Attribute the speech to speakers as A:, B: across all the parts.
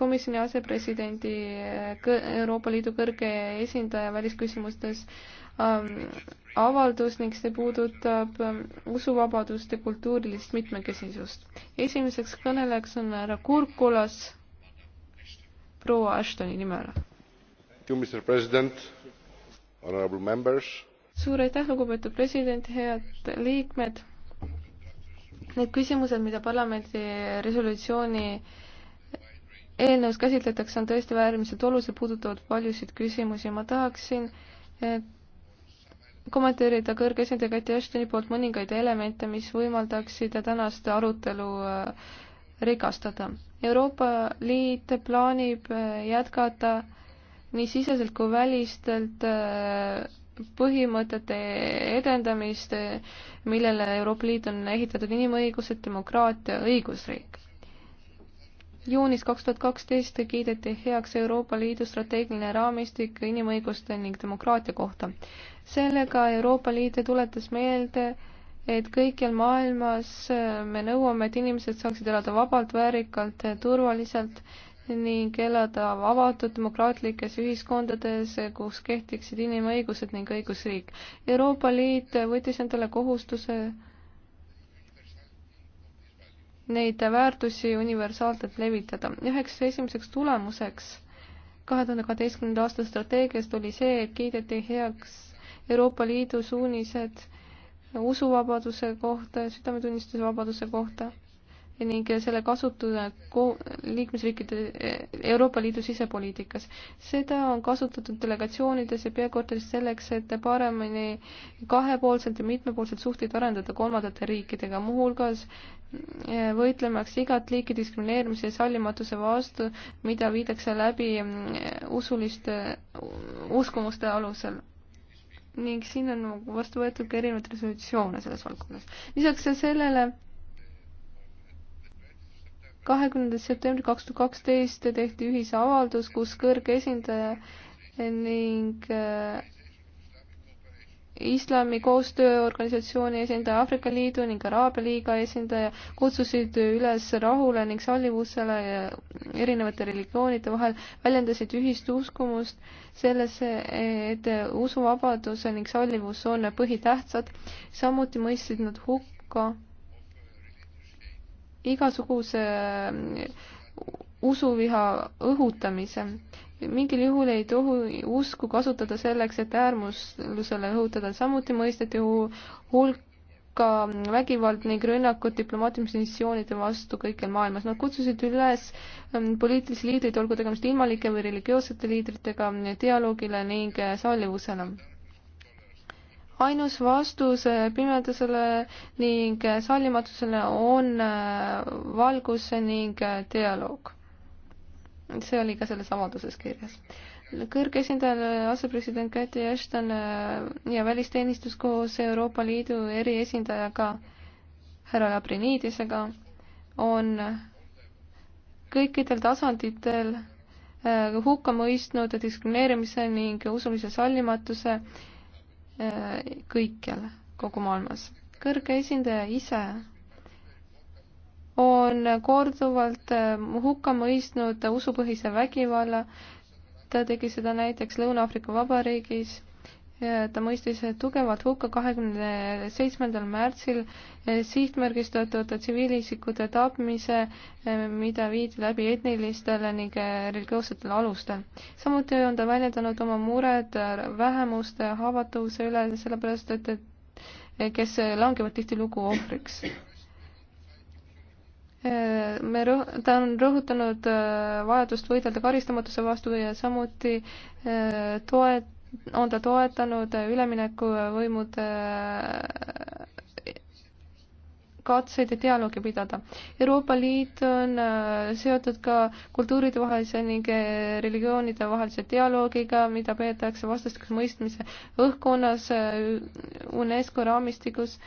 A: komisjoni asepresidendi Euroopa Liidu kõrge esindaja välisküsimustes ähm, avaldus ning see puudutab ähm, usuvabadust ja kultuurilist mitmekesisust. esimeseks kõnelejaks on härra Kurkulas proua Ashtoni nimel. suur aitäh, lugupeetud president, head liikmed. Need küsimused, mida parlamendi resolutsiooni äh, eelnõus käsitletakse, on tõesti äärmiselt olulised, puudutavad paljusid küsimusi. ma tahaksin kommenteerida kõrge esindaja Kati Ashtoni poolt mõningaid elemente, mis võimaldaksid tänast arutelu äh, rikastada. Euroopa Liit plaanib äh, jätkata nii siseselt kui välistelt äh, põhimõtete edendamist, millele Euroopa Liit on ehitatud inimõigused, demokraatia, õigusriik juunis kaks tuhat kaksteist kiideti heaks Euroopa Liidu strateegiline raamistik inimõiguste ning demokraatia kohta. sellega Euroopa Liit tuletas meelde, et kõikjal maailmas me nõuame, et inimesed saaksid elada vabalt, väärikalt, turvaliselt ning elada avatud demokraatlikes ühiskondades, kus kehtiksid inimõigused ning õigusriik. Euroopa Liit võttis endale kohustuse neid väärtusi universaalselt levitada. üheks esimeseks tulemuseks kahe tuhande kaheteistkümnenda aasta strateegiast oli see, et kiideti heaks Euroopa Liidu suunised usuvabaduse kohta ja südametunnistuse vabaduse kohta ning selle kasutada liikmesriikide Euroopa Liidu sisepoliitikas. seda on kasutatud delegatsioonides ja peakorteris selleks, et paremini kahepoolselt ja mitmepoolselt suhteid arendada kolmandate riikidega, muuhulgas eh, võitlemaks igat liiki diskrimineerimise ja sallimatuse vastu, mida viidakse läbi eh, usuliste, uskumuste alusel ning siin on vastu võetud ka erinevaid resolutsioone selles valdkonnas. lisaks sellele kahekümnendal septembril kaks tuhat kaksteist tehti ühisavaldus, kus kõrge esindaja ning äh, islami koostööorganisatsiooni esindaja, Aafrika Liidu ning Araabia Liiga esindaja kutsusid üles rahule ning sallivusele erinevate religioonide vahel, väljendasid ühist uskumust sellesse, et usuvabaduse ning sallivus on põhitähtsad. samuti mõistsid nad hukka igasuguse äh, usuviha õhutamise. mingil juhul ei tohi usku kasutada selleks, et äärmuslusele õhutada, samuti mõisteti hulka vägivald ning rünnakud diplomaatiliste missioonide vastu kõikjal maailmas. Nad kutsusid üles ähm, poliitilisi liidreid, olgu tegemist ilmalike või religioossete liidritega, dialoogile ning äh, sallivusele ainus vastus äh, pimedusele ning äh, sallimatusele on äh, valgus ning dialoog. see oli ka selles avalduses kirjas kõrge esindajale asepresident Käti Ashton ja välisteenistus koos Euroopa Liidu eriesindajaga härra Labrinidisega on kõikidel tasanditel hukka mõistnud diskrimineerimise ning usulise sallimatuse kõikjal kogu maailmas. kõrge esindaja ise on korduvalt äh, hukka mõistnud usupõhise vägivalla. ta tegi seda näiteks Lõuna-Aafrika Vabariigis ta mõistis tugevalt hukka kahekümne seitsmendal märtsil eh, sihtmärgistatud tsiviilisikute tapmise, eh, mida viidi läbi etnilistel ning eh, religioossetel alustel. samuti on ta väljendanud oma mured vähemuste haavatavuse üle, sellepärast et, et kes langevad tihtilugu ohvriks. me rõh-, ta on rõhutanud vajadust võidelda karistamatuse vastu ja samuti toet-, on ta toetanud üleminekuvõimude äh, katseid dialoogi pidada. Euroopa Liit on äh, seotud ka kultuuride vahelise ning äh, religioonide vahelise dialoogiga, mida peetakse vastastikuse mõistmise õhkkonnas UNESCO raamistikus,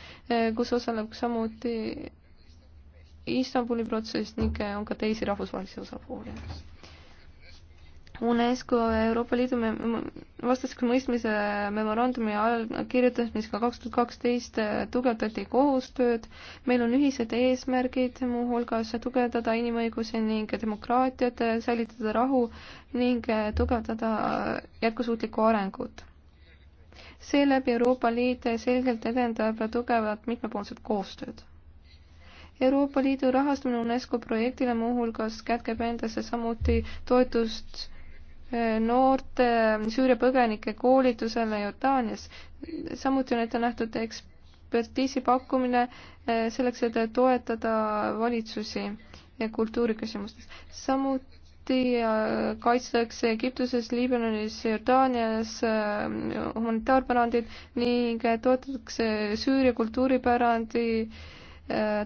A: kus osaleb samuti Istanbuli protsess ning on ka teisi rahvusvahelisi osapooli. UNESCO Euroopa Liidu vastastikku mõistmise memorandumi allkirjutamiseks ka kaks tuhat kaksteist äh, tugevdati koostööd. meil on ühised eesmärgid, muuhulgas tugevdada inimõigusi ning demokraatiat, äh, säilitada rahu ning äh, tugevdada jätkusuutlikku arengut. seeläbi Euroopa Liit selgelt edendab tugevat mitmepoolset koostööd Euroopa Liidu rahastamine UNESCO projektile muuhulgas kätkeb endasse samuti toetust Äh, noorte äh, Süüria põgenike koolitusele Jordaanias. samuti on ette nähtud ekspertiisi pakkumine äh, selleks, et toetada valitsusi kultuuriküsimustes. samuti kaitstakse Egiptuses, Liibanonis, Jordaanias humanitaarpärandit ning toetatakse Süüria kultuuripärandi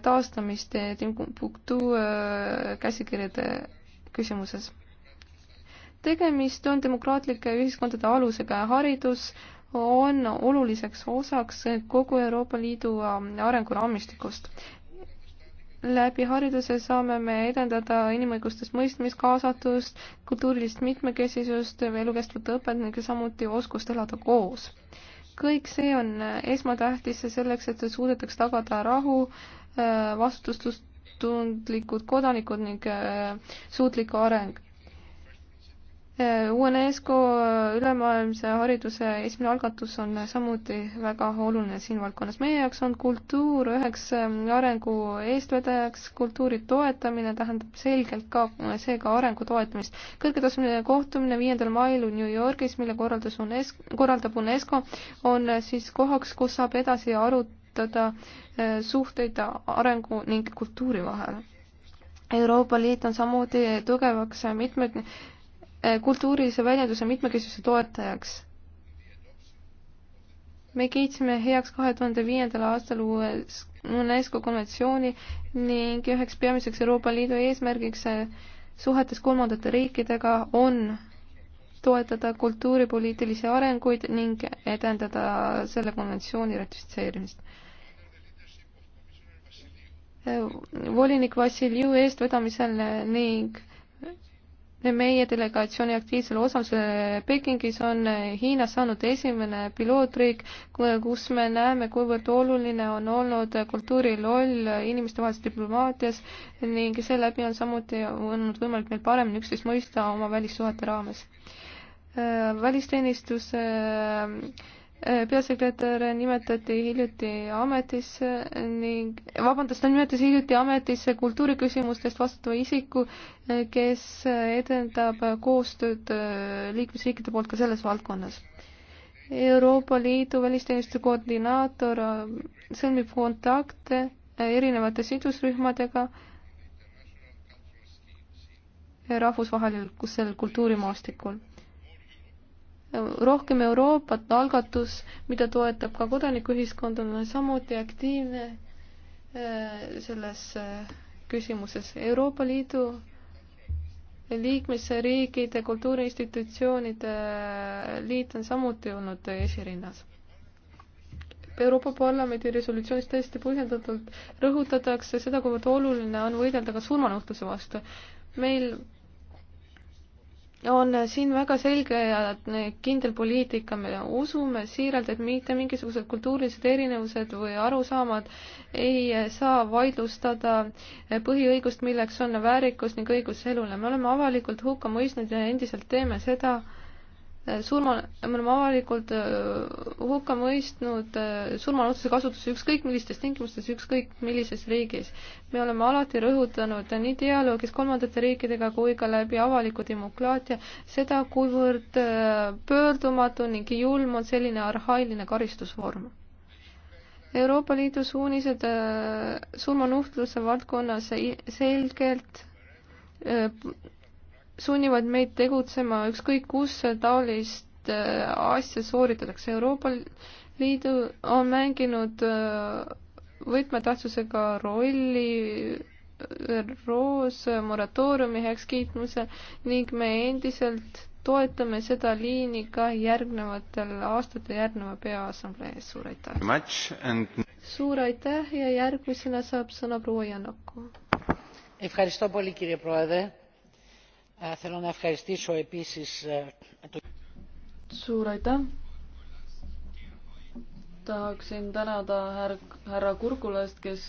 A: taastamist Timbuktu käsikirjade küsimuses tegemist on demokraatlike ühiskondade alusega ja haridus on oluliseks osaks kogu Euroopa Liidu ähm, arenguraamistikust. läbi hariduse saame me edendada inimõigustest mõistmist, kaasatust, kultuurilist mitmekesisust, elukestvat õpet ning samuti oskust elada koos. kõik see on esmatähtis selleks, et suudetaks tagada rahu, äh, vastutustundlikud kodanikud ning äh, suutlik areng UNESCO äh, ülemaailmse hariduse esimene algatus on samuti väga oluline siin valdkonnas. meie jaoks on kultuur üheks ähm, arengu eestvedajaks, kultuuri toetamine tähendab selgelt ka äh, seega arengu toetamist. kõrgetasemeline kohtumine viiendal mail New Yorgis, mille korraldas UNESCO, korraldab UNESCO, on äh, siis kohaks, kus saab edasi arutada suhteid arengu ning kultuuri vahel. Euroopa Liit on samuti tugevaks mitmed kultuurilise väljenduse mitmekesisuse toetajaks. me kiitsime heaks kahe tuhande viiendal aastal uues UNESCO konventsiooni ning üheks peamiseks Euroopa Liidu eesmärgiks suhetes kolmandate riikidega on toetada kultuuripoliitilisi arenguid ning edendada selle konventsiooni ratifitseerimist volinik Vassiljev eestvedamisel ning meie delegatsiooni aktiivsele osalusele Pekingis on Hiina saanud esimene pilootriik, kus me näeme, kuivõrd oluline on olnud kultuuri roll inimestevahelises diplomaatias ning seeläbi on samuti olnud võimalik meil paremini üksteist mõista oma välissuhete raames. välisteenistus äh, Äh, peasekretär nimetati hiljuti ametisse ning, vabandust, ta nimetas hiljuti ametisse kultuuriküsimustest vastutava isiku, äh, kes äh, edendab koostööd liikmesriikide poolt ka selles valdkonnas. Euroopa Liidu välisteenistuse koordinaator sõlmib kontakte erinevate sidusrühmadega rahvusvahelisel kultuurimaastikul rohkem Euroopat algatus, mida toetab ka kodanikuühiskond, on samuti aktiivne äh, selles äh, küsimuses. Euroopa Liidu liikmesriigide kultuuriinstitutsioonide äh, liit on samuti olnud esirinnas. Euroopa Parlamendi resolutsioonis täiesti põhjendatult rõhutatakse seda, kuivõrd oluline on võidelda ka surmanuhtluse vastu. meil on siin väga selge ja kindel poliitika, me usume siiralt, et mitte mingisugused kultuurilised erinevused või arusaamad ei saa vaidlustada põhiõigust, milleks on väärikus ning õigus elule. me oleme avalikult hukka mõistnud ja endiselt teeme seda surma, me oleme avalikult äh, hukka mõistnud äh, surmanuhtluse kasutuse ükskõik millistes tingimustes, ükskõik millises riigis. me oleme alati rõhutanud nii dialoogis kolmandate riikidega kui ka läbi avaliku demokraatia seda, kuivõrd äh, pöördumatu ning julm on selline arhailine karistusvorm. Euroopa Liidu suunised surmanuhtluse valdkonnas selgelt sunnivad meid tegutsema ükskõik kus taolist äh, asja sooritatakse. Euroopa Liidu on mänginud äh, võtmetähtsusega rolli ÜRO-s äh, moratooriumi heakskiitmise ning me endiselt toetame seda liini ka järgnevatel aastatel järgneva peaassamblee ees. suur
B: aitäh!
A: suur aitäh ja järgmisena saab sõna proua Janaku. Θέλω να ευχαριστήσω επίσης...
C: Suur aitäh! Tahaksin tänada härra Kurkulast, kes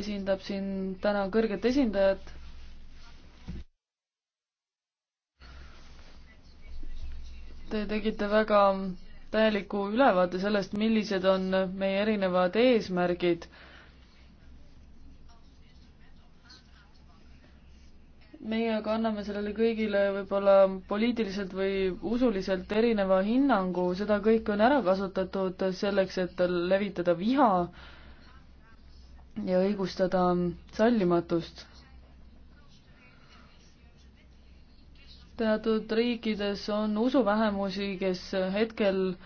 C: esindab siin täna kõrget esindajat. Te tegite väga täieliku ülevaate sellest, millised on meie erinevad eesmärgid meie aga anname sellele kõigile võib-olla poliitiliselt või usuliselt erineva hinnangu, seda kõike on ära kasutatud selleks, et levitada viha ja õigustada sallimatust. teatud riikides on usuvähemusi, kes hetkel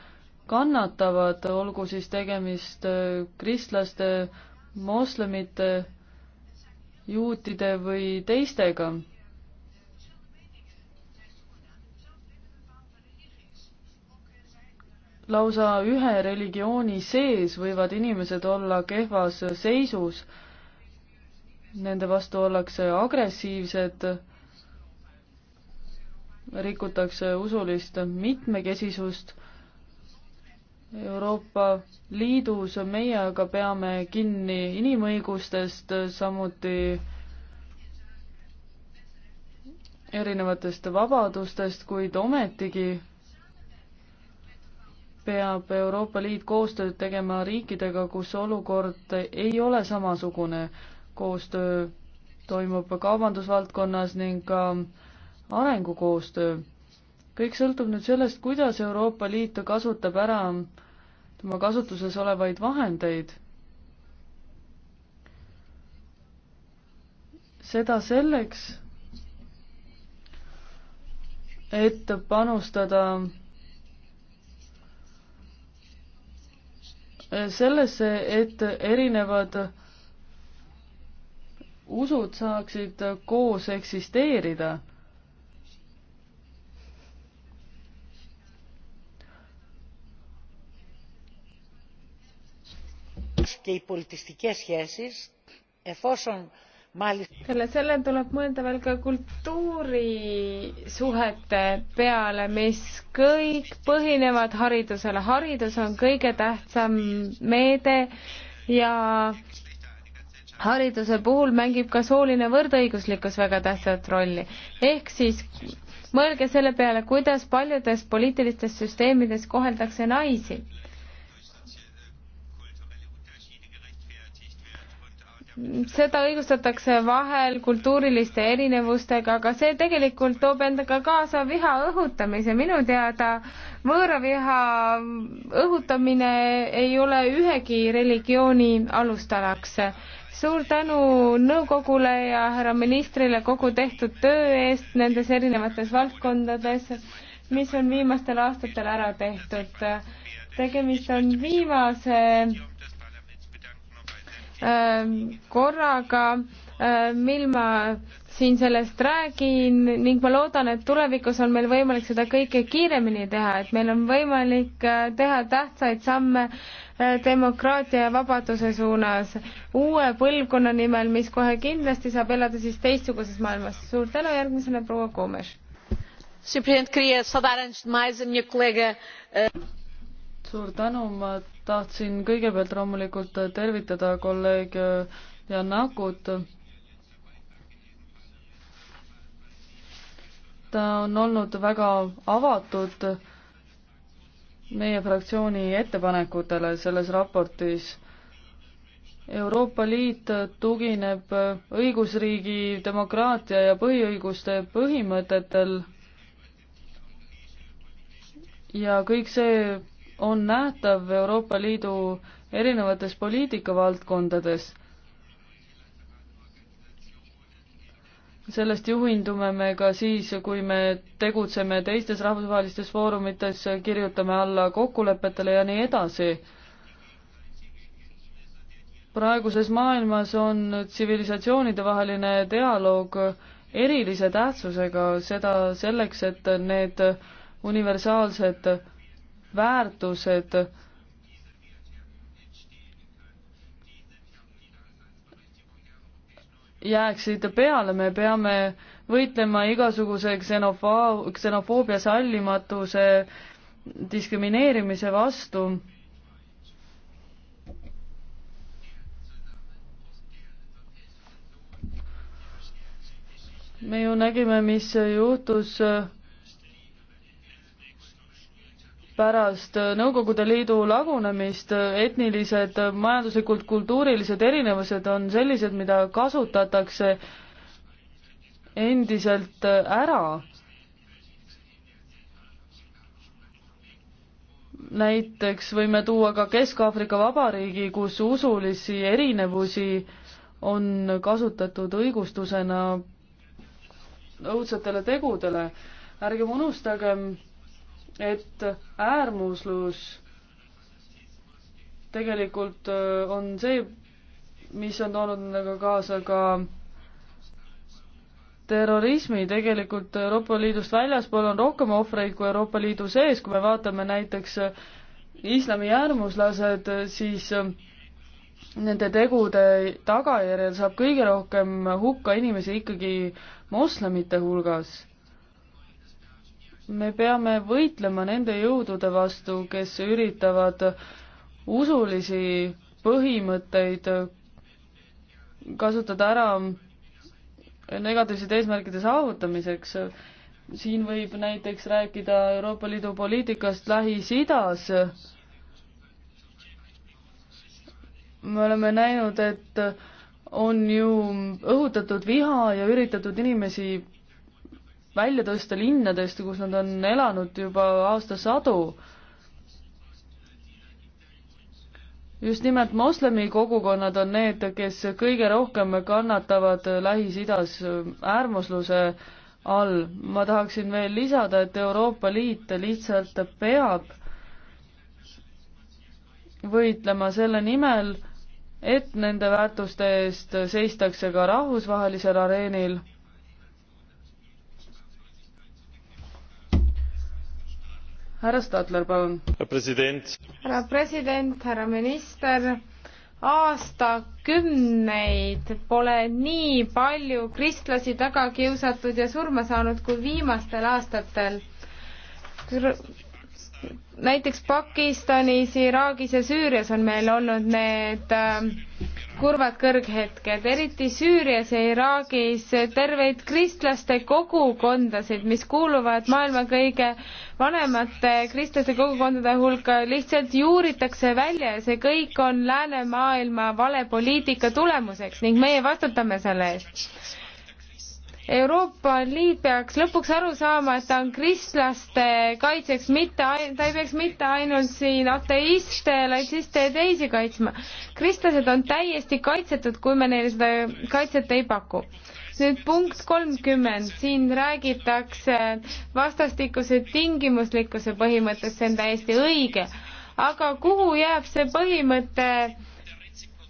C: kannatavad, olgu siis tegemist kristlaste, moslemite juutide või teistega. lausa ühe religiooni sees võivad inimesed olla kehvas seisus, nende vastu ollakse agressiivsed, rikutakse usulist mitmekesisust Euroopa Liidus meie aga peame kinni inimõigustest, samuti erinevatest vabadustest, kuid ometigi peab Euroopa Liit koostööd tegema riikidega, kus olukord ei ole samasugune. koostöö toimub kaubandusvaldkonnas ning ka arengukoostöö kõik sõltub nüüd sellest, kuidas Euroopa Liit kasutab ära tema kasutuses olevaid vahendeid. seda selleks, et panustada sellesse, et erinevad usud saaksid koos eksisteerida
B: καθώς και οι πολιτιστικές σχέσεις εφόσον peale selle tuleb mõelda veel ka kultuurisuhete peale, mis kõik põhinevad haridusele. haridus on kõige tähtsam meede ja hariduse puhul mängib ka sooline võrdõiguslikkus väga tähtsat rolli. ehk siis mõelge selle peale, kuidas paljudes poliitilistes süsteemides koheldakse naisi seda õigustatakse vahel kultuuriliste erinevustega, aga see tegelikult toob endaga kaasa viha õhutamise. minu teada võõraviha õhutamine ei ole ühegi religiooni alustalaks. suur tänu nõukogule ja härra ministrile kogu tehtud töö eest nendes erinevates valdkondades, mis on viimastel aastatel ära tehtud. tegemist on viimase Ähm, korraga, ähm, mil ma siin sellest räägin ning ma loodan, et tulevikus on meil võimalik seda kõike kiiremini teha, et meil on võimalik äh, teha tähtsaid samme äh, demokraatia ja vabaduse suunas uue põlvkonna nimel, mis kohe kindlasti saab elada siis teistsuguses maailmas. suur tänu, järgmisena proua Kuumes.
C: Eh, suur tänu, ma tahtsin kõigepealt loomulikult tervitada kolleeg Janakut. ta on olnud väga avatud meie fraktsiooni ettepanekutele selles raportis. Euroopa Liit tugineb õigusriigi, demokraatia ja põhiõiguste põhimõtetel ja kõik see on nähtav Euroopa Liidu erinevates poliitikavaldkondades. sellest juhindume me ka siis, kui me tegutseme teistes rahvusvahelistes foorumites, kirjutame alla kokkulepetele ja nii edasi praeguses maailmas on tsivilisatsioonidevaheline dialoog erilise tähtsusega, seda selleks, et need universaalsed väärtused jääksid peale, me peame võitlema igasuguse ksenofoo-, ksenofoobia sallimatuse diskrimineerimise vastu. me ju nägime, mis juhtus pärast Nõukogude Liidu lagunemist etnilised, majanduslikult, kultuurilised erinevused on sellised, mida kasutatakse endiselt ära. näiteks võime tuua ka Kesk-Aafrika Vabariigi, kus usulisi erinevusi on kasutatud õigustusena õudsetele tegudele. ärgem unustagem, et äärmuslus tegelikult äh, on see, mis on toonud nagu kaasa ka terrorismi, tegelikult Euroopa Liidust väljaspool on rohkem ohvreid kui Euroopa Liidu sees, kui me vaatame näiteks islami äärmuslased, siis äh, nende tegude tagajärjel saab kõige rohkem hukka inimesi ikkagi moslemite hulgas me peame võitlema nende jõudude vastu, kes üritavad usulisi põhimõtteid kasutada ära negatiivsete eesmärkide saavutamiseks. siin võib näiteks rääkida Euroopa Liidu poliitikast Lähis-Idas. me oleme näinud, et on ju õhutatud viha ja üritatud inimesi välja tõsta linnadest, kus nad on elanud juba aastasadu. just nimelt moslemi kogukonnad on need, kes kõige rohkem kannatavad Lähis-Idas äärmusluse all. ma tahaksin veel lisada, et Euroopa Liit lihtsalt peab võitlema selle nimel, et nende väärtuste eest seistakse ka rahvusvahelisel areenil härra Stadler, palun. härra president.
B: härra president, härra minister aastakümneid pole nii palju kristlasi taga kiusatud ja surma saanud kui viimastel aastatel näiteks Pakistanis, Iraagis ja Süürias on meil olnud need ähm, kurvad kõrghetked, eriti Süürias ja Iraagis terveid kristlaste kogukondasid, mis kuuluvad maailma kõige vanemate kristlaste kogukondade hulka, lihtsalt juuritakse välja ja see kõik on läänemaailma vale poliitika tulemuseks ning meie vastutame selle eest Euroopa Liit peaks lõpuks aru saama, et ta on kristlaste kaitseks, mitte, ta ei peaks mitte ainult siin ateiste, latsiste ja teisi kaitsma. kristlased on täiesti kaitsetud, kui me neile seda kaitset ei paku. nüüd punkt kolmkümmend, siin räägitakse vastastikuse tingimuslikkuse põhimõttest, see on täiesti õige, aga kuhu jääb see põhimõte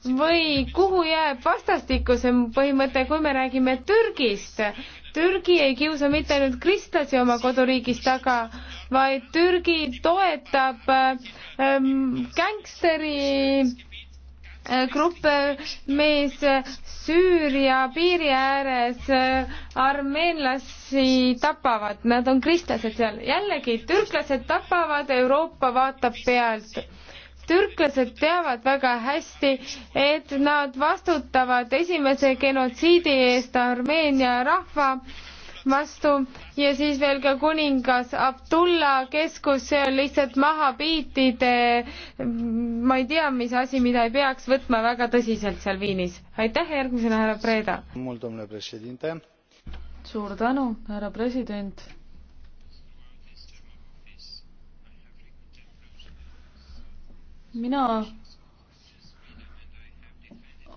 B: või kuhu jääb vastastikuse põhimõte, kui me räägime Türgist? Türgi ei kiusa mitte ainult kristlasi oma koduriigis taga, vaid Türgi toetab ähm, gängsteri äh, grupp mees Süüria piiri ääres äh, armeenlasi tapavad, nad on kristlased seal. jällegi, türklased tapavad, Euroopa vaatab pealt türklased teavad väga hästi, et nad vastutavad esimese genotsiidi eest Armeenia rahva vastu ja siis veel ka kuningas Abdulla keskus, see on lihtsalt mahabiitide, ma ei tea, mis asi, mida ei peaks võtma väga tõsiselt seal Viinis. aitäh,
C: järgmisena härra Preda. suur tänu, härra president mina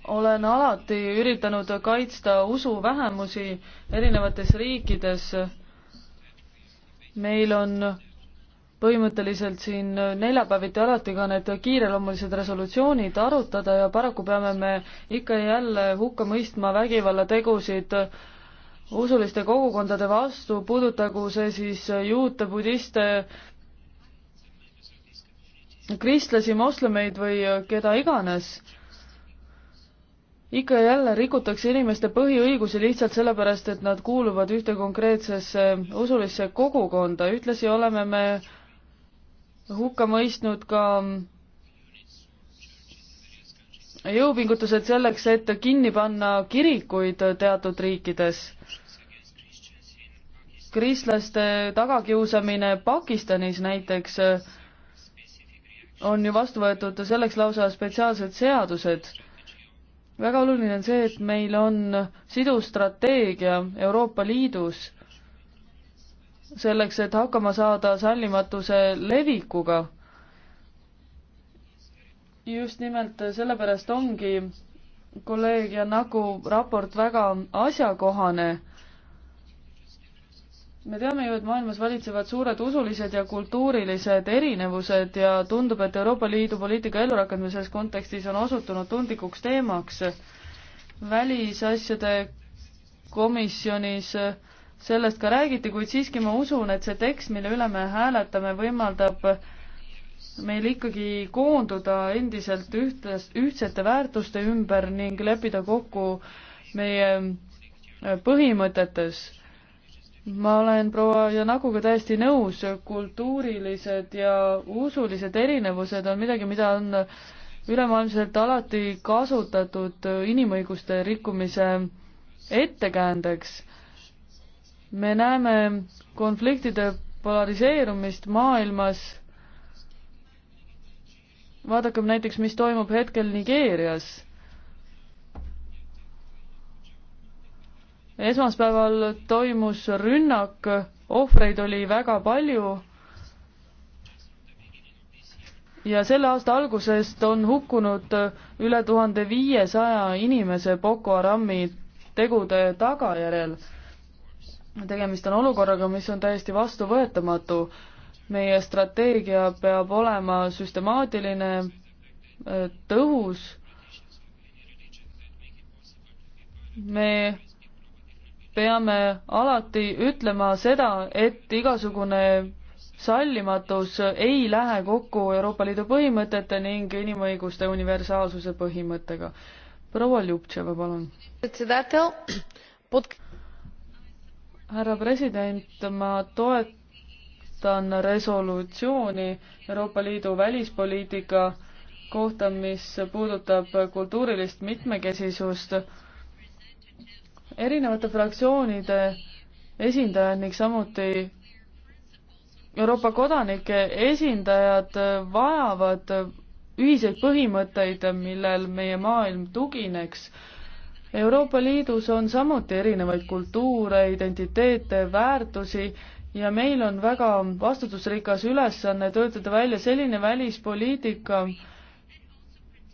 C: olen alati üritanud kaitsta usuvähemusi erinevates riikides. meil on põhimõtteliselt siin neljapäeviti alati ka need kiireloomulised resolutsioonid arutada ja paraku peame me ikka ja jälle hukka mõistma vägivallategusid usuliste kogukondade vastu, puudutagu see siis juute, budiste, kristlasi, moslemeid või keda iganes. ikka ja jälle rikutakse inimeste põhiõigusi lihtsalt sellepärast, et nad kuuluvad ühte konkreetsesse usulisse kogukonda, ühtlasi oleme me hukka mõistnud ka jõupingutused selleks, et kinni panna kirikuid teatud riikides kristlaste tagakiusamine Pakistanis näiteks on ju vastu võetud selleks lausa spetsiaalsed seadused. väga oluline on see, et meil on sidus strateegia Euroopa Liidus selleks, et hakkama saada sallimatuse levikuga. just nimelt sellepärast ongi kolleeg Janaku raport väga asjakohane me teame ju, et maailmas valitsevad suured usulised ja kultuurilised erinevused ja tundub, et Euroopa Liidu poliitika ellurakendamine selles kontekstis on osutunud tundlikuks teemaks. välisasjade komisjonis sellest ka räägiti, kuid siiski ma usun, et see tekst, mille üle me hääletame, võimaldab meil ikkagi koonduda endiselt ühtlas, ühtsete väärtuste ümber ning leppida kokku meie põhimõtetes ma olen proua Janakuga täiesti nõus, kultuurilised ja usulised erinevused on midagi, mida on ülemaailmselt alati kasutatud inimõiguste rikkumise ettekäändeks. me näeme konfliktide polariseerumist maailmas. vaadakem näiteks, mis toimub hetkel Nigeerias esmaspäeval toimus rünnak, ohvreid oli väga palju. ja selle aasta algusest on hukkunud üle tuhande viiesaja inimese Boko Harami tegude tagajärjel. tegemist on olukorraga, mis on täiesti vastuvõetamatu. meie strateegia peab olema süstemaatiline, tõhus. me peame alati ütlema seda, et igasugune sallimatus ei lähe kokku Euroopa Liidu põhimõtete ning inimõiguste universaalsuse põhimõttega. proua Ljubtševa, palun. härra president, ma toetan resolutsiooni Euroopa Liidu välispoliitika kohta, mis puudutab kultuurilist mitmekesisust erinevate fraktsioonide esindajad ning samuti Euroopa kodanike esindajad vajavad ühiseid põhimõtteid, millel meie maailm tugineks. Euroopa Liidus on samuti erinevaid kultuure, identiteete, väärtusi ja meil on väga vastutusrikas ülesanne töötada välja selline välispoliitika,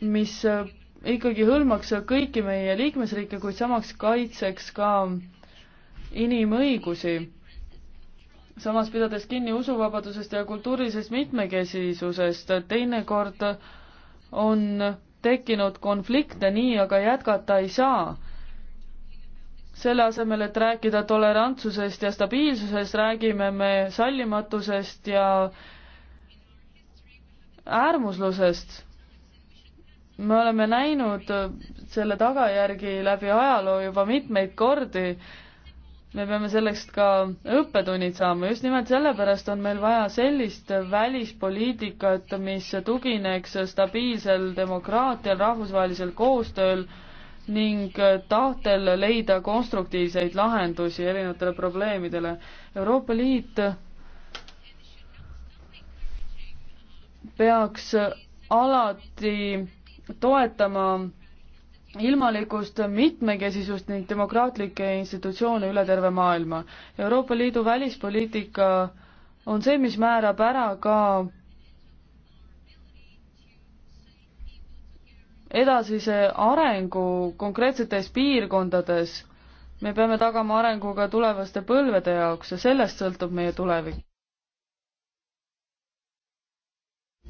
C: mis ikkagi hõlmaks kõiki meie liikmesriike, kuid samaks kaitseks ka inimõigusi. samas pidades kinni usuvabadusest ja kultuurilisest mitmekesisusest, teinekord on tekkinud konflikte, nii aga jätkata ei saa. selle asemel, et rääkida tolerantsusest ja stabiilsusest, räägime me sallimatusest ja äärmuslusest me oleme näinud äh, selle tagajärgi läbi ajaloo juba mitmeid kordi. me peame sellest ka õppetunnid saama, just nimelt sellepärast on meil vaja sellist välispoliitikat, mis tugineks stabiilsel demokraatial, rahvusvahelisel koostööl ning tahtel leida konstruktiivseid lahendusi erinevatele probleemidele. Euroopa Liit peaks alati toetama ilmalikust mitmekesisust ning demokraatlikke institutsioone üle terve maailma. Euroopa Liidu välispoliitika on see, mis määrab ära ka edasise arengu konkreetsetes piirkondades. me peame tagama arengu ka tulevaste põlvede jaoks ja sellest sõltub meie tulevik.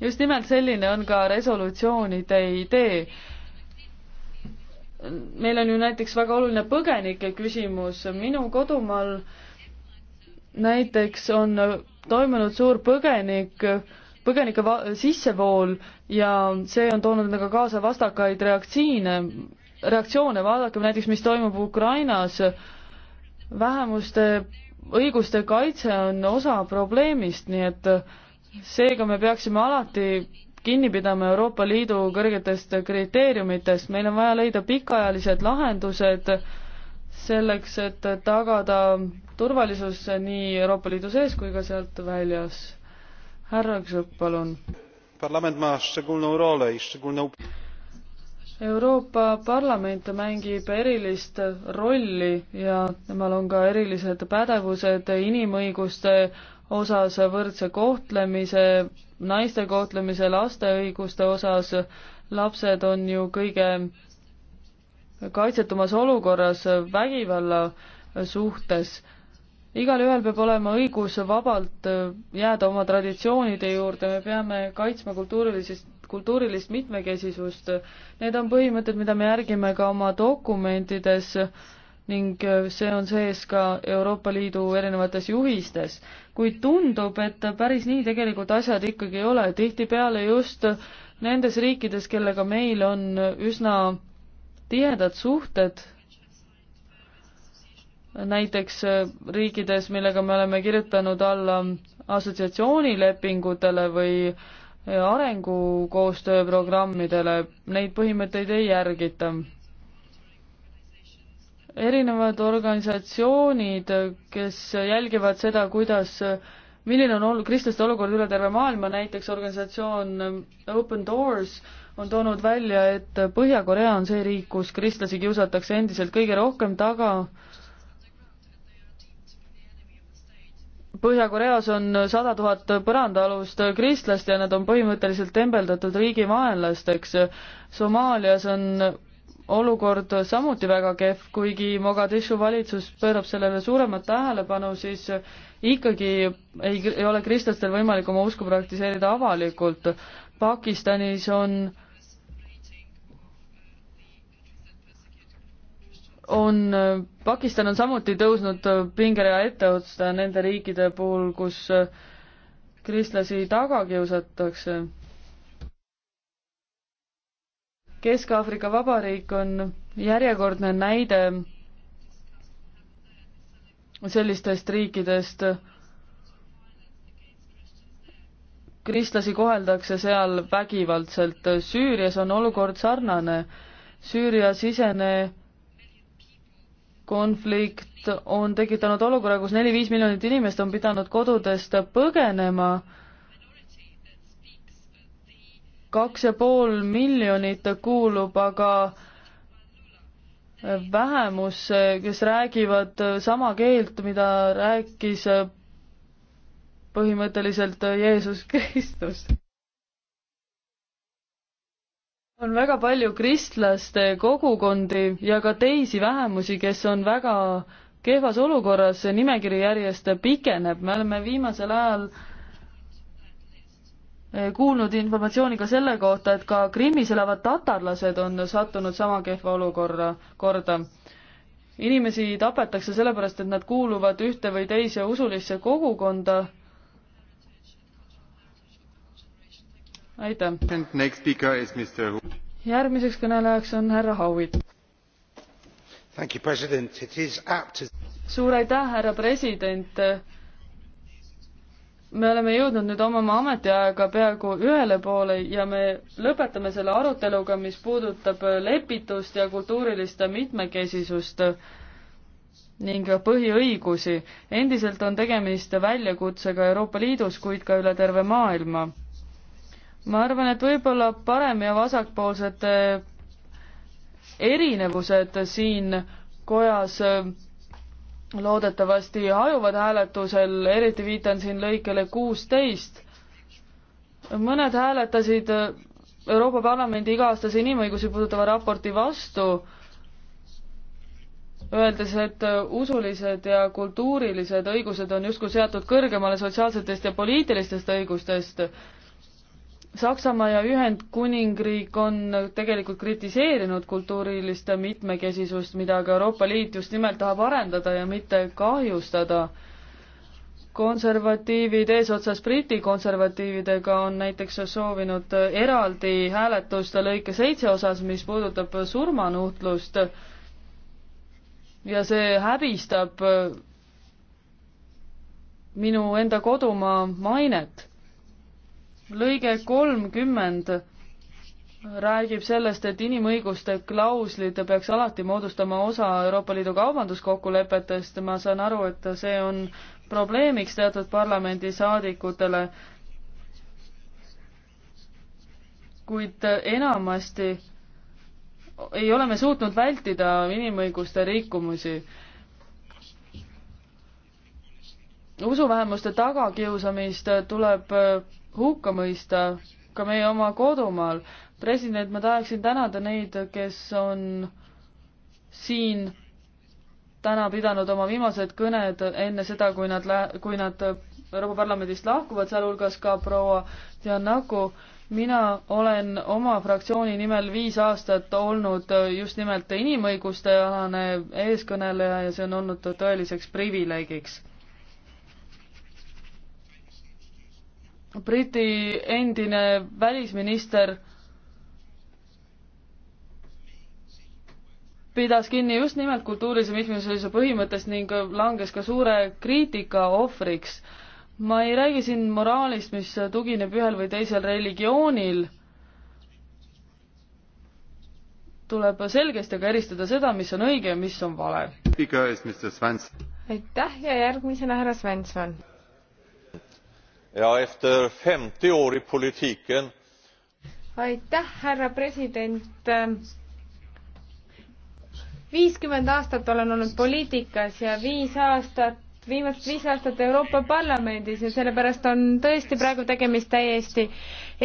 C: just nimelt selline on ka resolutsioonide idee. meil on ju näiteks väga oluline põgenike küsimus, minu kodumaal näiteks on toimunud suur põgenik, põgenike sissevool ja see on toonud endaga kaasa vastakaid reaktsiine, reaktsioone, vaadakem näiteks, mis toimub Ukrainas, vähemuste õiguste kaitse on osa probleemist, nii et äh, seega me peaksime alati kinni pidama Euroopa Liidu kõrgetest kriteeriumitest, meil on vaja leida pikaajalised lahendused selleks, et tagada turvalisus nii Euroopa Liidu sees kui ka sealt väljas. härra Ksõpp, palun. parlament ma
B: szczególną rolę i szczególną
C: Euroopa Parlament mängib erilist rolli ja temal on ka erilised pädevused inimõiguste osas, võrdse kohtlemise, naiste kohtlemise, laste õiguste osas, lapsed on ju kõige kaitsetumas olukorras vägivalla suhtes. igalühel peab olema õigus vabalt jääda oma traditsioonide juurde, me peame kaitsma kultuurilisest, kultuurilist mitmekesisust. Need on põhimõtted, mida me järgime ka oma dokumentides ning äh, see on sees ka Euroopa Liidu erinevates juhistes. kuid tundub, et päris nii tegelikult asjad ikkagi ei ole, tihtipeale just nendes riikides, kellega meil on üsna tihedad suhted, näiteks äh, riikides, millega me oleme kirjutanud alla assotsiatsioonilepingutele või äh, arengukoostööprogrammidele, neid põhimõtteid ei järgita erinevad organisatsioonid, kes jälgivad seda, kuidas, milline on olnud kristlaste olukord üle terve maailma, näiteks organisatsioon Open Doors on toonud välja, et Põhja-Korea on see riik, kus kristlasi kiusatakse endiselt kõige rohkem taga. Põhja-Koreas on sada tuhat põrandaalust kristlast ja nad on põhimõtteliselt tembeldatud riigi vaenlasteks. Somaalias on olukord samuti väga kehv, kuigi Mogadishu valitsus pöörab sellele suuremat tähelepanu, siis ikkagi ei, ei ole kristlastel võimalik oma usku praktiseerida avalikult. Pakistanis on, on, Pakistan on samuti tõusnud pingerea etteotsa nende riikide puhul, kus kristlasi taga kiusatakse Kesk-Aafrika Vabariik on järjekordne näide sellistest riikidest, kristlasi koheldakse seal vägivaldselt. Süürias on olukord sarnane. Süüria sisene konflikt on tekitanud olukorra, kus neli-viis miljonit inimest on pidanud kodudest põgenema kaks ja pool miljonit kuulub aga vähemusse, kes räägivad sama keelt, mida rääkis põhimõtteliselt Jeesus Kristus. on väga palju kristlaste kogukondi ja ka teisi vähemusi, kes on väga kehvas olukorras, see nimekiri järjest pikeneb, me oleme viimasel ajal äh, Äh, kuulnud informatsiooni ka selle kohta, et ka Krimmis elavad tatarlased on sattunud sama kehva olukorra, korda. inimesi tapetakse sellepärast, et nad kuuluvad ühte või teise usulisse kogukonda. aitäh. järgmiseks kõnelejaks on härra Howitt. suur aitäh, härra president me oleme jõudnud nüüd oma ametiajaga peaaegu ühele poole ja me lõpetame selle aruteluga, mis puudutab lepitust ja kultuurilist mitmekesisust ning põhiõigusi. endiselt on tegemist väljakutsega Euroopa Liidus, kuid ka üle terve maailma. ma arvan, et võib-olla parem- ja vasakpoolsed erinevused siin kojas loodetavasti hajuvad hääletusel, eriti viitan siin lõikele kuusteist. mõned hääletasid Euroopa Parlamendi iga-aastase inimõigusi puudutava raporti vastu, öeldes, et usulised ja kultuurilised õigused on justkui seatud kõrgemale sotsiaalsetest ja poliitilistest õigustest Saksamaa ja Ühendkuningriik on tegelikult kritiseerinud kultuurilist mitmekesisust, mida ka Euroopa Liit just nimelt tahab arendada ja mitte kahjustada. konservatiivid eesotsas Briti konservatiividega on näiteks soovinud eraldi hääletust lõike seitse osas, mis puudutab surmanuhtlust ja see häbistab minu enda kodumaa mainet lõige kolmkümmend räägib sellest, et inimõiguste klauslid peaks alati moodustama osa Euroopa Liidu kaubanduskokkulepetest, ma saan aru, et see on probleemiks teatud parlamendisaadikutele, kuid enamasti ei ole me suutnud vältida inimõiguste rikkumisi usuvähemuste tagakiusamist tuleb hukka mõista ka meie oma kodumaal. president, ma tahaksin tänada neid, kes on siin täna pidanud oma viimased kõned enne seda, kui nad lä-, kui nad Euroopa Parlamendist lahkuvad, sealhulgas ka proua Giannaku. mina olen oma fraktsiooni nimel viis aastat olnud just nimelt inimõiguste alane eeskõneleja ja see on olnud tõeliseks privileegiks Briti endine välisminister pidas kinni just nimelt kultuurisemismi sellise põhimõttest ning langes ka suure kriitika ohvriks. ma ei räägi siin moraalist, mis tugineb ühel või teisel religioonil. tuleb selgestega eristada seda, mis on õige ja mis on vale. aitäh ja järgmisena härra Svensson
B: aitäh härra president viiskümmend aastat olen olnud poliitikas ja viis aastat viimased viis aastat Euroopa Parlamendis ja sellepärast on tõesti praegu tegemist täiesti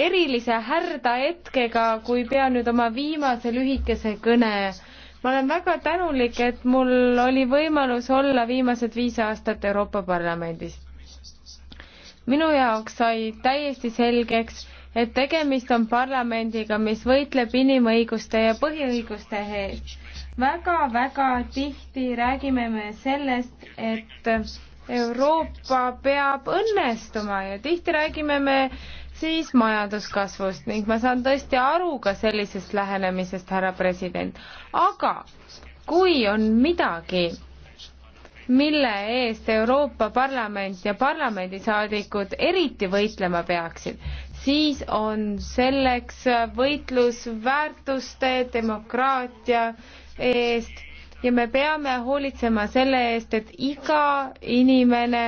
B: erilise härda hetkega, kui pean nüüd oma viimase lühikese kõne. ma olen väga tänulik, et mul oli võimalus olla viimased viis aastat Euroopa Parlamendis minu jaoks sai täiesti selgeks, et tegemist on parlamendiga, mis võitleb inimõiguste ja põhiõiguste eest väga,. väga-väga tihti räägime me sellest, et Euroopa peab õnnestuma ja tihti räägime me siis majanduskasvust ning ma saan tõesti aru ka sellisest lähenemisest, härra president. aga kui on midagi, mille eest Euroopa Parlament ja parlamendisaadikud eriti võitlema peaksid, siis on selleks võitlus väärtuste, demokraatia eest ja me peame hoolitsema selle eest, et iga inimene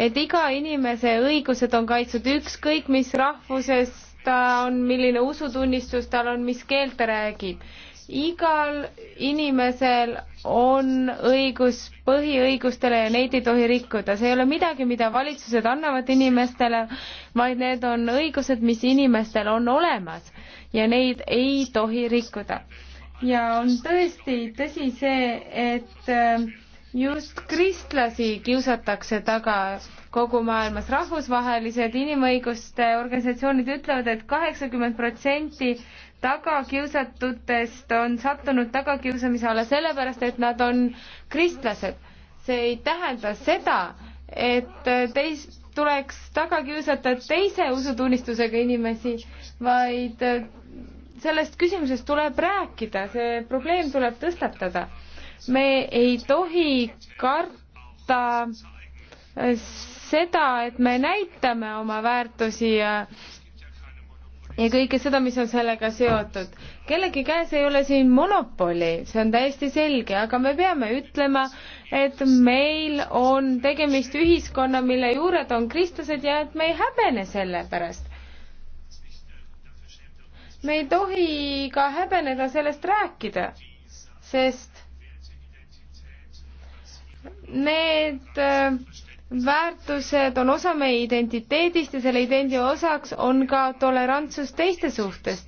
B: et iga inimese õigused on kaitstud ükskõik mis rahvusest ta on, milline usutunnistus tal on, mis keelt ta räägib igal inimesel on õigus põhiõigustele ja neid ei tohi rikkuda. see ei ole midagi, mida valitsused annavad inimestele, vaid need on õigused, mis inimestel on olemas ja neid ei tohi rikkuda. ja on tõesti tõsi see, et äh, just kristlasi kiusatakse taga kogu maailmas. rahvusvahelised inimõiguste organisatsioonid ütlevad et, et kaheksakümmend protsenti tagakiusatutest on sattunud tagakiusamise alla sellepärast, et nad on kristlased. see ei tähenda seda, et teis-, tuleks taga kiusata teise usutunnistusega inimesi, vaid sellest küsimusest tuleb rääkida, see probleem tuleb tõstatada. me ei tohi karta seda, et me näitame oma väärtusi ja ja kõike seda, mis on sellega seotud. kellegi käes ei ole siin monopoli, see on täiesti selge, aga me peame ütlema, et meil on tegemist ühiskonna, mille juured on kristlased ja et me ei häbene selle pärast me ei tohi ka häbeneda sellest rääkida, sest need äh, väärtused on osa meie identiteedist ja selle idendi osaks on ka tolerantsus teiste suhtes.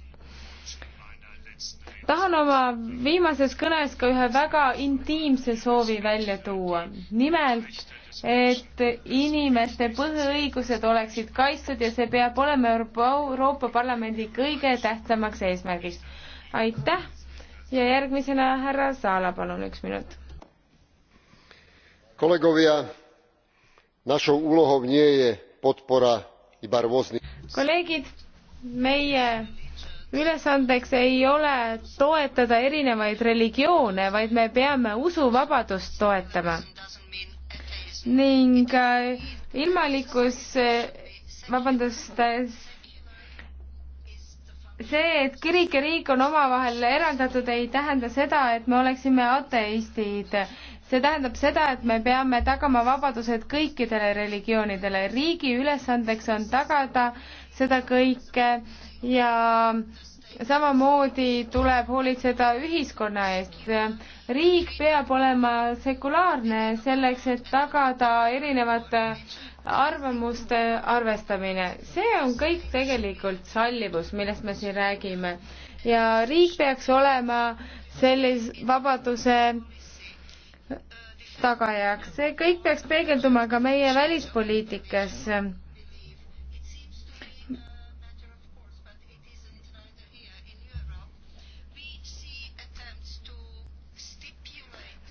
B: tahan oma viimases kõnes ka ühe väga intiimse soovi välja tuua. nimelt, et inimeste põhiõigused oleksid kaitstud ja see peab olema Euroopa Parlamendi kõige tähtsamaks eesmärgiks. aitäh ja järgmisena härra Saala, palun üks minut.
C: kolleegovia našou úlohou nie je podpora iba rôznych.
B: kolleegid meie ülesandeks ei ole toetada erinevaid religioone vaid me peame usuvabadust toetama ning äh, ilmalikus äh, vabandust äh, see et kirik ja riik on omavahel eraldatud ei tähenda seda et me oleksime ateistid see tähendab seda, et me peame tagama vabadused kõikidele religioonidele. riigi ülesandeks on tagada seda kõike ja samamoodi tuleb hoolitseda ühiskonna eest. riik peab olema sekulaarne selleks, et tagada erinevate arvamuste arvestamine. see on kõik tegelikult sallivus, millest me siin räägime. ja riik peaks olema sellise vabaduse tagajaks. see kõik peaks peegelduma ka meie välispoliitikas.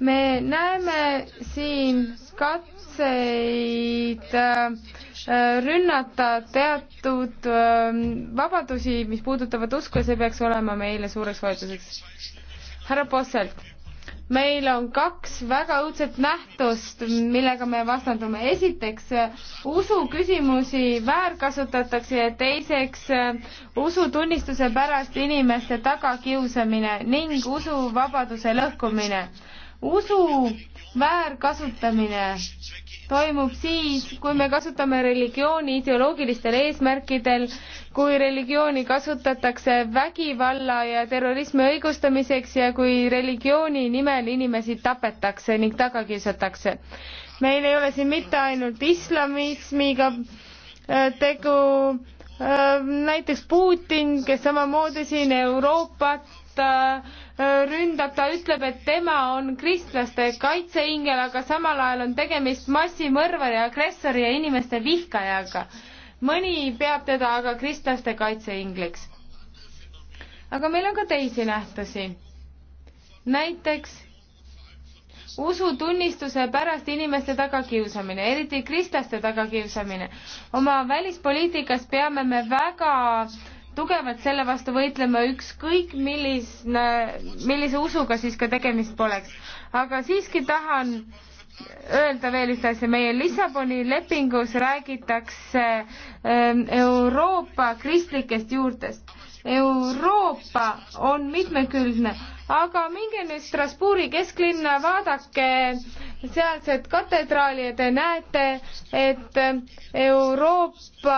B: me näeme siin katseid äh, rünnata teatud äh, vabadusi, mis puudutavad usku ja see peaks olema meile suureks vaidluseks. härra Posselt meil on kaks väga õudset nähtust, millega me vastandume. esiteks usuküsimusi väärkasutatakse ja teiseks usutunnistuse pärast inimeste tagakiusamine ning usuvabaduse lõhkumine usu väärkasutamine toimub siis, kui me kasutame religiooni ideoloogilistel eesmärkidel, kui religiooni kasutatakse vägivalla ja terrorismi õigustamiseks ja kui religiooni nimel inimesi tapetakse ning taga kiusatakse. meil ei ole siin mitte ainult islamismiga äh, tegu, äh, näiteks Putin, kes samamoodi siin Euroopat äh, ründab, ta ütleb, et tema on kristlaste kaitseingel, aga samal ajal on tegemist massimõrvari, agressori ja inimeste vihkajaga. mõni peab teda aga kristlaste kaitseingliks. aga meil on ka teisi nähtusi. näiteks usutunnistuse pärast inimeste tagakiusamine, eriti kristlaste tagakiusamine. oma välispoliitikas peame me väga äh, tugevad selle vastu võitlema, ükskõik millisne, millise usuga siis ka tegemist poleks. aga siiski tahan öelda veel ühte asja, meie Lissaboni lepingus räägitakse ähm, Euroopa kristlikest juurtest. Euroopa on mitmekülgne, aga minge nüüd Strasbourgi kesklinna, vaadake sealset katedraali ja te näete, et ähm, Euroopa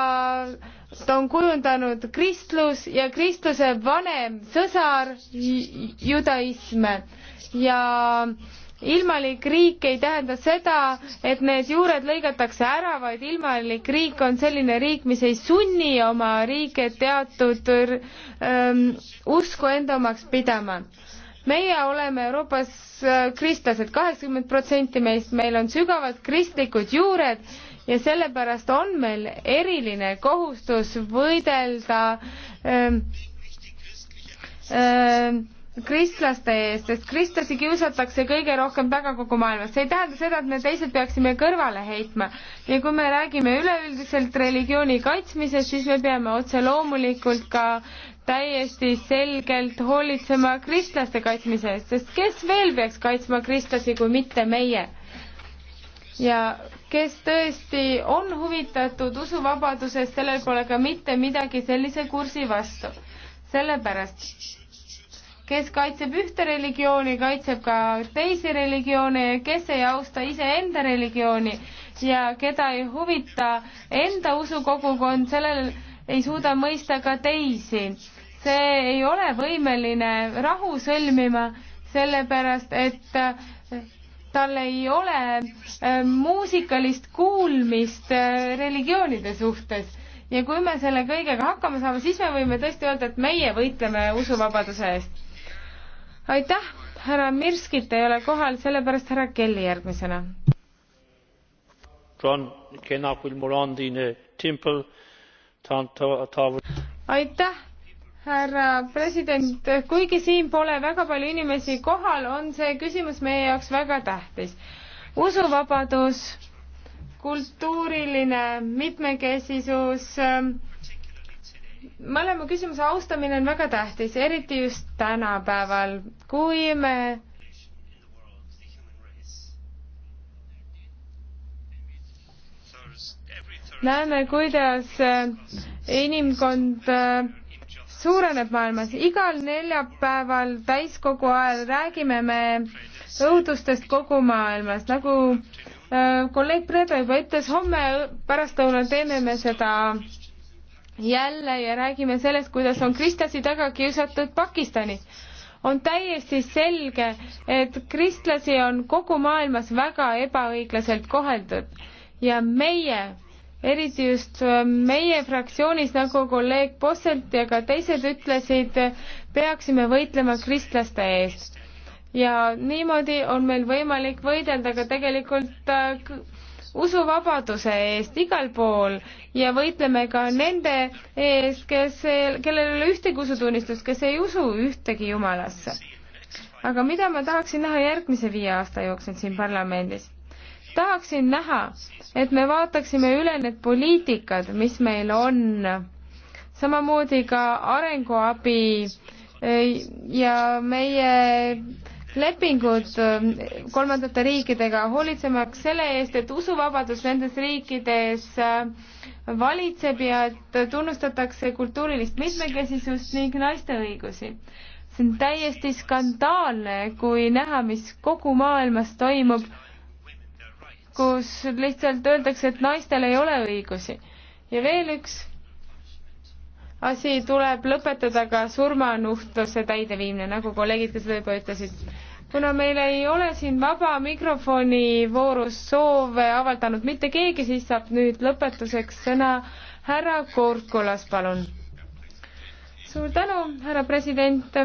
B: ta on kujundanud kristlus ja kristluse vanem sõsar judaism ja ilmalik riik ei tähenda seda, et need juured lõigatakse ära, vaid ilmalik riik on selline riik, mis ei sunni oma riike teatud ähm, usku enda omaks pidama meie oleme Euroopas äh, kristlased, kaheksakümmend protsenti meist, meil on sügavad kristlikud juured ja sellepärast on meil eriline kohustus võidelda öö, ähm, öö, ähm, kristlaste eest, sest kristlasi kiusatakse kõige rohkem taga kogu maailmas. see ei tähenda seda, et me teised peaksime kõrvale heitma. ja kui me räägime üleüldiselt religiooni kaitsmisest, siis me peame otse loomulikult ka täiesti selgelt hoolitsema kristlaste kaitsmise eest, sest kes veel peaks kaitsma kristlasi kui mitte meie? ja kes tõesti on huvitatud usuvabadusest, sellel pole ka mitte midagi sellise kursi vastu. sellepärast, kes kaitseb ühte religiooni, kaitseb ka teisi religioone ja kes ei austa iseenda religiooni ja keda ei huvita enda usukogukond, sellel ei suuda mõista ka teisi. see ei ole võimeline rahu sõlmima, sellepärast et tal ei ole äh, muusikalist kuulmist äh, religioonide suhtes. ja kui me selle kõigega hakkama saame, siis me võime tõesti öelda, et meie võitleme usuvabaduse eest. aitäh, härra Mirskit ei ole kohal, sellepärast härra Kelly järgmisena. aitäh härra president, kuigi siin pole väga palju inimesi kohal, on see küsimus meie jaoks väga tähtis. usuvabadus, kultuuriline mitmekesisus, ähm, mõlema küsimuse austamine on väga tähtis, eriti just tänapäeval, kui me näeme, kuidas äh, inimkond äh, suureneb maailmas. igal neljapäeval täiskogu ajal räägime me õudustest kogu maailmas, nagu äh, kolleeg Predo juba ütles, homme pärastlõunal teeme me seda jälle ja räägime sellest, kuidas on kristlasi taga kiusatud Pakistanis. on täiesti selge, et kristlasi on kogu maailmas väga ebaõiglaselt koheldud ja meie eriti just äh, meie fraktsioonis, nagu kolleeg Posselt ja ka teised ütlesid, peaksime võitlema kristlaste eest. ja niimoodi on meil võimalik võidelda ka tegelikult äh, usuvabaduse eest igal pool ja võitleme ka nende eest, kes, kellel ei ole ühtegi usutunnistust, kes ei usu ühtegi jumalasse. aga mida ma tahaksin näha järgmise viie aasta jooksul siin parlamendis? tahaksin näha, et me vaataksime üle need poliitikad, mis meil on, samamoodi ka arenguabi eh, ja meie lepingud eh, kolmandate riikidega, hoolitsemaks selle eest, et usuvabadus nendes riikides eh, valitseb ja et tunnustatakse kultuurilist mitmekesisust ning naiste õigusi. see on täiesti skandaalne, kui näha, mis kogu maailmas toimub kus lihtsalt öeldakse, et naistel ei ole õigusi. ja veel üks asi, tuleb lõpetada ka surmanuhtluse täideviimine, nagu kolleegid ka seda juba ütlesid. kuna meil ei ole siin vaba mikrofoni voorus soove avaldanud mitte keegi, siis saab nüüd lõpetuseks sõna härra Kurkulas, palun. suur tänu, härra president.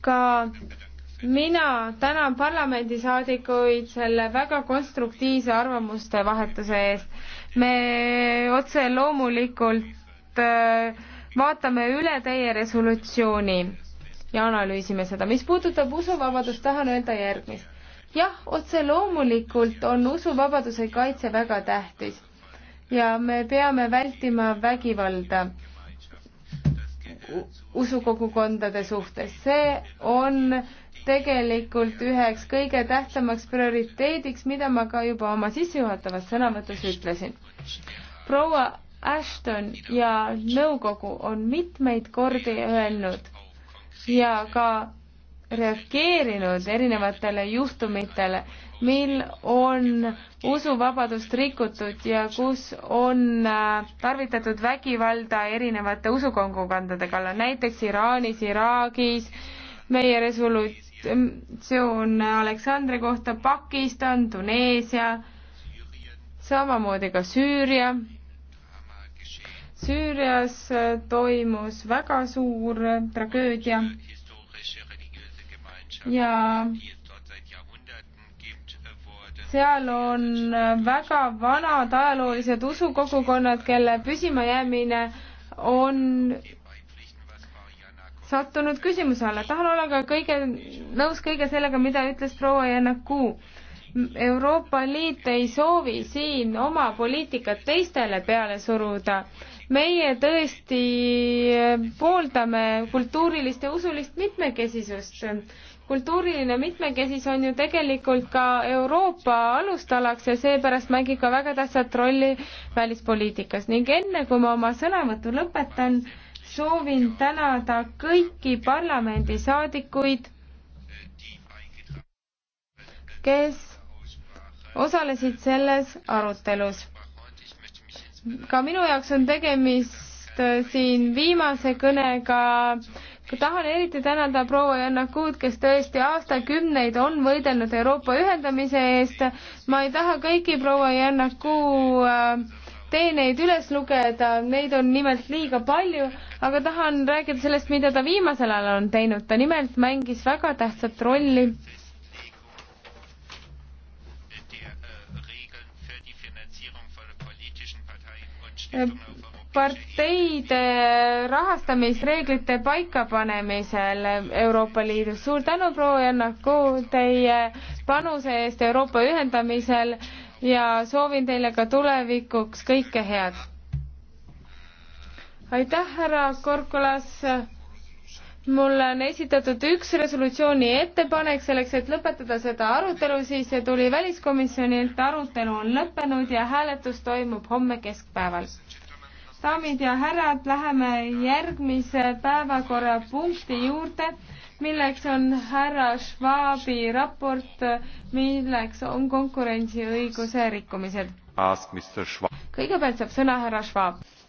B: ka mina tänan parlamendisaadikuid selle väga konstruktiivse arvamuste vahetuse eest. me otse loomulikult äh, vaatame üle teie resolutsiooni ja analüüsime seda. mis puudutab usuvabadust, tahan öelda järgmist. jah, otse loomulikult on usuvabaduse kaitse väga tähtis ja me peame vältima vägivalda usukogukondade suhtes. see on tegelikult üheks kõige tähtsamaks prioriteediks, mida ma ka juba oma sissejuhatavas sõnavõtus ütlesin. proua Ashton ja nõukogu on mitmeid kordi öelnud ja ka reageerinud erinevatele juhtumitele, mil on usuvabadust rikutud ja kus on äh, tarvitatud vägivalda erinevate usukogukondade kallal, näiteks Iraanis, Iraagis, meie resolut-, see on Aleksandri kohta Pakistan, Tuneesia, samamoodi ka Süüria. Süürias toimus väga suur tragöödia ja seal on väga vanad ajaloolised usukogukonnad, kelle püsimajäämine on sattunud küsimuse alla. tahan olla ka kõige, nõus kõige sellega, mida ütles proua Janaku. Euroopa Liit ei soovi siin oma poliitikat teistele peale suruda. meie tõesti pooldame kultuurilist ja usulist mitmekesisust. kultuuriline mitmekesisus on ju tegelikult ka Euroopa alustalaks ja seepärast mängib ka väga tähtsat rolli välispoliitikas ning enne kui ma oma sõnavõtu lõpetan, soovin tänada kõiki parlamendisaadikuid, kes osalesid selles arutelus. ka minu jaoks on tegemist äh, siin viimase kõnega. tahan eriti tänada proua Jannakuud, kes tõesti aastakümneid on võidelnud Euroopa ühendamise eest. ma ei taha kõiki proua Jannakuu äh, teeneid üles lugeda, neid on nimelt liiga palju, aga tahan rääkida sellest, mida ta viimasel ajal on teinud. ta nimelt mängis väga tähtsat rolli parteide rahastamisreeglite paikapanemisel Euroopa Liidus. suur tänu, proua Jannaku, teie panuse eest Euroopa ühendamisel ja soovin teile ka tulevikuks kõike head aitäh, härra Korkolas. mulle on esitatud üks resolutsiooni ettepanek selleks, et lõpetada seda arutelu, siis see tuli väliskomisjonilt, arutelu on lõppenud ja hääletus toimub homme keskpäeval. daamid ja härrad, läheme järgmise päevakorrapunkti juurde, milleks on härra Schwabi raport, milleks on konkurentsiõiguse rikkumised. kõigepealt saab sõna härra Schwab